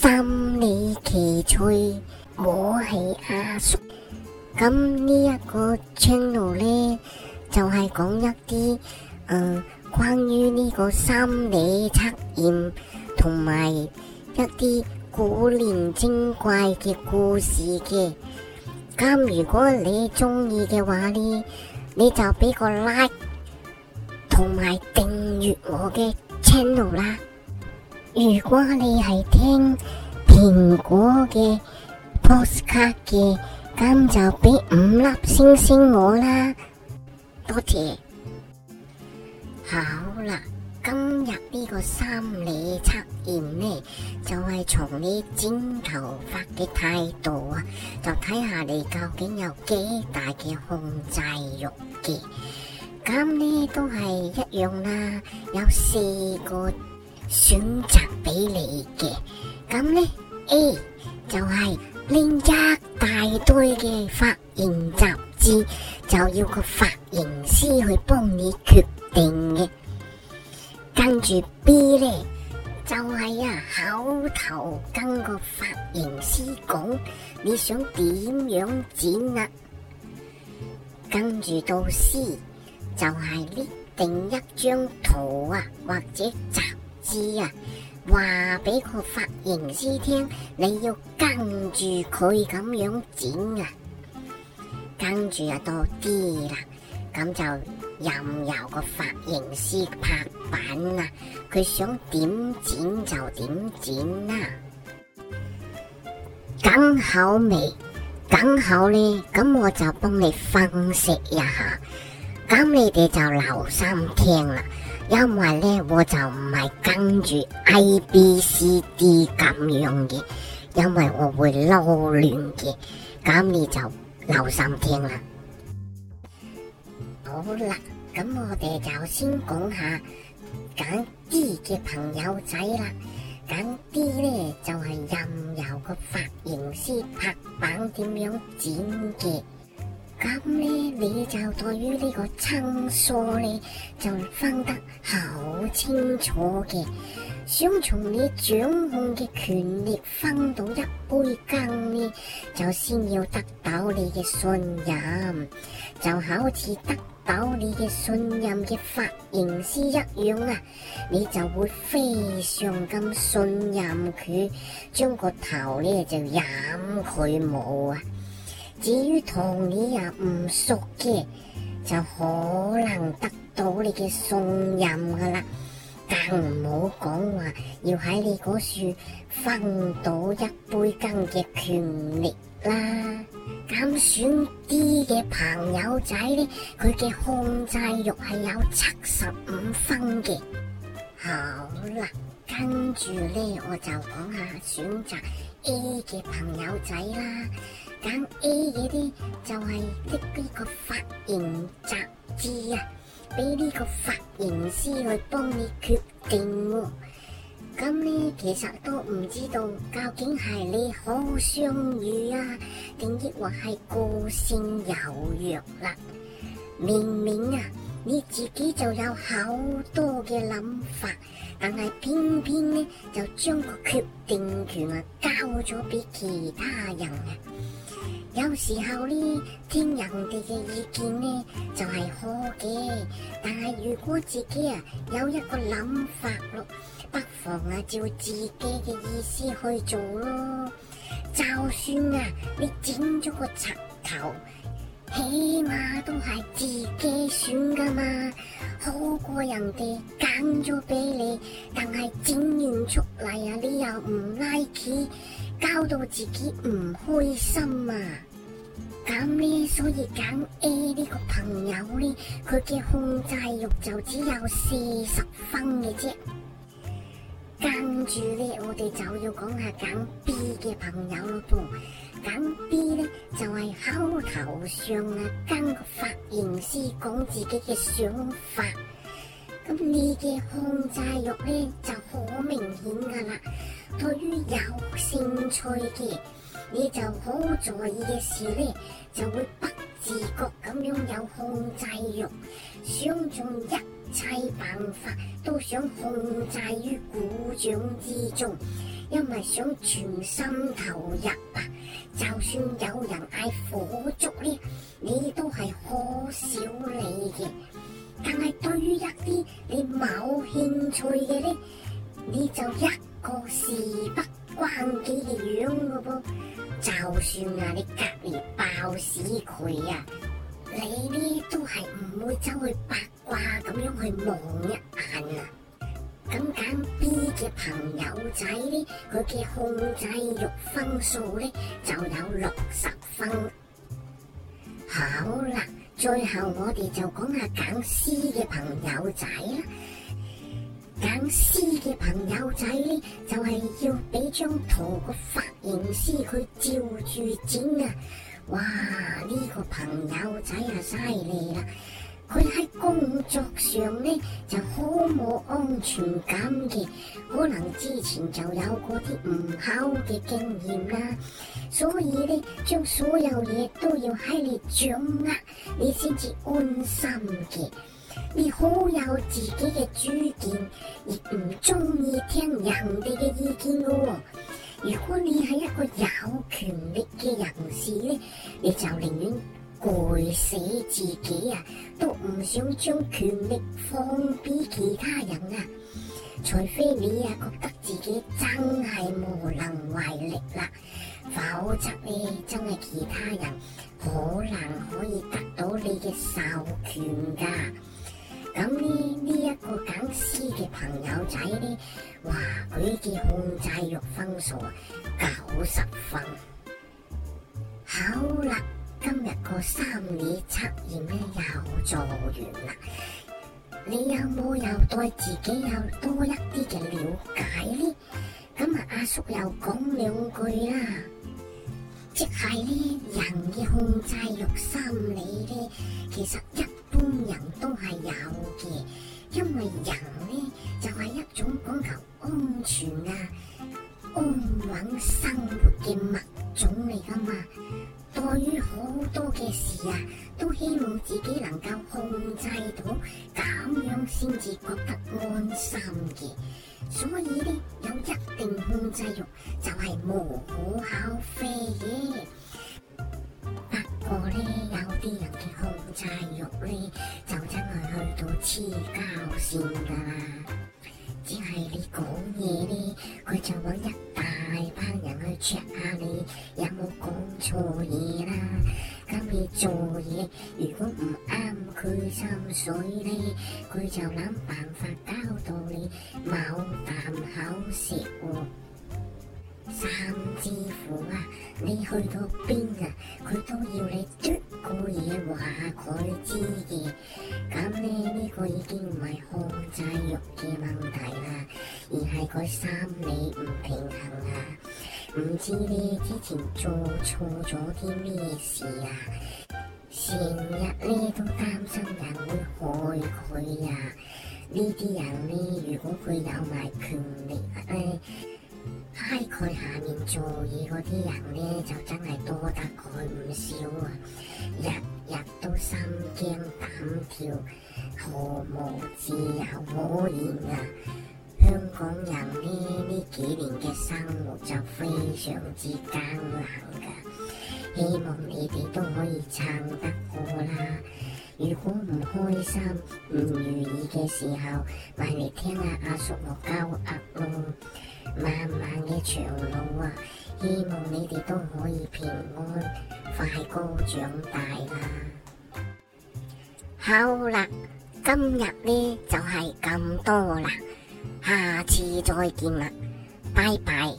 心理奇趣，我係阿叔。咁呢一個 channel 咧，就係、是、講一啲誒、呃、關於呢個心理測驗同埋一啲古靈精怪嘅故事嘅。咁如果你中意嘅話呢，你就俾個 like 同埋訂閱我嘅 channel 啦。如果你係聽蘋果嘅 Post 卡嘅，咁就俾五粒星星我啦，多謝。好啦，今日呢個心理測驗呢，就係從你剪頭髮嘅態度啊，就睇下你究竟有幾大嘅控制欲嘅。咁呢都係一樣啦，有四個。選擇俾你嘅咁呢，A 就係拎一大堆嘅髮型雜誌，就要個髮型師去幫你決定嘅。跟住 B 呢，就係、是、啊，口頭跟個髮型師講你想點樣剪啊。跟住到 C 就係拎定一張圖啊，或者集。字啊，話俾個髮型師聽，你要跟住佢咁樣剪啊，跟住又多啲啦，咁就任由個髮型師拍板啦，佢想點剪就點剪啦。梗口味、梗口咧？咁我就幫你分析一下，咁你哋就留心聽啦。因為咧，我就唔係跟住 A B C D 咁樣嘅，因為我會撈亂嘅，咁你就留心聽啦。好啦，咁我哋就先講下揀 D 嘅朋友仔啦，揀 D 咧就係、是、任由個髮型師拍板點樣剪嘅。咁咧，你就對於呢個親疏咧，就分得好清楚嘅。想從你掌控嘅權力分到一杯羹咧，就先要得到你嘅信任。就好似得到你嘅信任嘅髮型師一樣啊，你就會非常咁信任佢，將個頭咧就染佢冇啊。至於同你又唔熟嘅，就可能得到你嘅信任噶啦，更唔好講話要喺你嗰處分到一杯羹嘅權力啦。咁選 D 嘅朋友仔咧，佢嘅控制欲係有七十五分嘅。好啦，跟住咧，我就講下選擇 A 嘅朋友仔啦。揀 A 嗰啲就係即呢個髮型雜誌啊，俾呢個髮型師去幫你決定啊。咁呢，其實都唔知道究竟係你好相遇啊，定抑或係個性有弱啦啊？明明啊，你自己就有好多嘅諗法，但係偏偏呢，就將個決定權啊交咗俾其他人啊！有時候呢，聽人哋嘅意見呢，就係好嘅，但係如果自己啊有一個諗法咯，不妨啊照自己嘅意思去做咯。就算啊，你剪咗個插頭，起碼都係自己選噶嘛，好過人哋揀咗俾你，但係剪完出嚟啊，你又唔 like。交到自己唔開心啊！咁咧，所以揀 A 呢個朋友咧，佢嘅控制欲就只有四十分嘅啫。跟住咧，我哋就要講下揀 B 嘅朋友咯。揀 B 咧就係口頭上啊，跟個髮型師講自己嘅想法。咁你嘅控制欲咧就好明顯噶啦，對於有興趣嘅，你就好在意嘅事咧就會不自覺咁樣有控制欲，想盡一切辦法都想控制於股掌之中，因為想全心投入啊，就算有人嗌火燭咧，你都係好少理嘅。但係對於一啲你冇興趣嘅咧，你就一個事不關己嘅樣嘅噃啊。就算啊，你隔籬爆屎佢啊，你呢都係唔會走去八卦咁樣去望一眼啊。咁揀 B 嘅朋友仔咧，佢嘅控制欲分數咧就有六十分。好啦。最後我哋就講下揀師嘅朋友仔啦，揀師嘅朋友仔咧就係要俾張圖個髮型師佢照住剪啊！哇，呢個朋友仔啊犀利啦！佢喺工作上咧就好冇安全感嘅，可能之前就有過啲唔好嘅經驗啦，所以咧將所有嘢都要喺你掌握，你先至安心嘅。你好有自己嘅主見，亦唔中意聽人哋嘅意見噶喎。如果你係一個有權力嘅人士咧，你就寧願。攰死自己啊，都唔想將權力放俾其他人啊，除非你啊覺得自己真係無能為力啦，否則呢，真係其他人好難可以得到你嘅授權噶。咁呢，呢一個講師嘅朋友仔呢，話佢嘅控制欲分數九十分，好啦。今日個心理測驗咧又做完啦，你有冇有對自己有多一啲嘅了解呢？咁啊，阿叔又講兩句啦，即係咧，人嘅控制欲心理咧，其實一般人都係有嘅，因為人咧就係、是、一種講求、求安全啊、安穩生活嘅物種嚟噶嘛。嘅事啊，都希望自己能夠控制到，咁樣先至覺得安心嘅。所以咧，有一定控制欲就係無可厚非嘅。不過咧，有啲人嘅控制欲咧，就真係去到黐膠線噶啦。只係你講嘢咧，佢就搵一大班人去 check 下你有冇講錯嘢啦。咁你做嘢，如果唔啱佢心水咧，佢就諗辦法搞到你冇啖口食喎、哦。甚至乎啊，你去到邊啊，佢都要你嘟個嘢話佢知嘅。咁咧呢、呢個已經唔係控制欲嘅問題啦，而係個心理唔平衡啊！唔知你之前做錯咗啲咩事啊！成日咧都擔心人會害佢啊！呢啲人咧，如果佢有埋權力咧，喺、哎、佢、哎、下面做嘢嗰啲人咧，就真係多得佢唔少啊！日日都心驚膽跳，毫無自由可言呢、啊？香港人咧，呢幾年嘅生活就非常之艱難㗎，希望你哋都可以撐得過啦。如果唔開心唔如意嘅時候，咪嚟聽下阿、啊、叔我交阿公。漫漫嘅長路啊，希望你哋都可以平安快高長大啦。好啦，今日呢就係、是、咁多啦。下次再見啦，拜拜。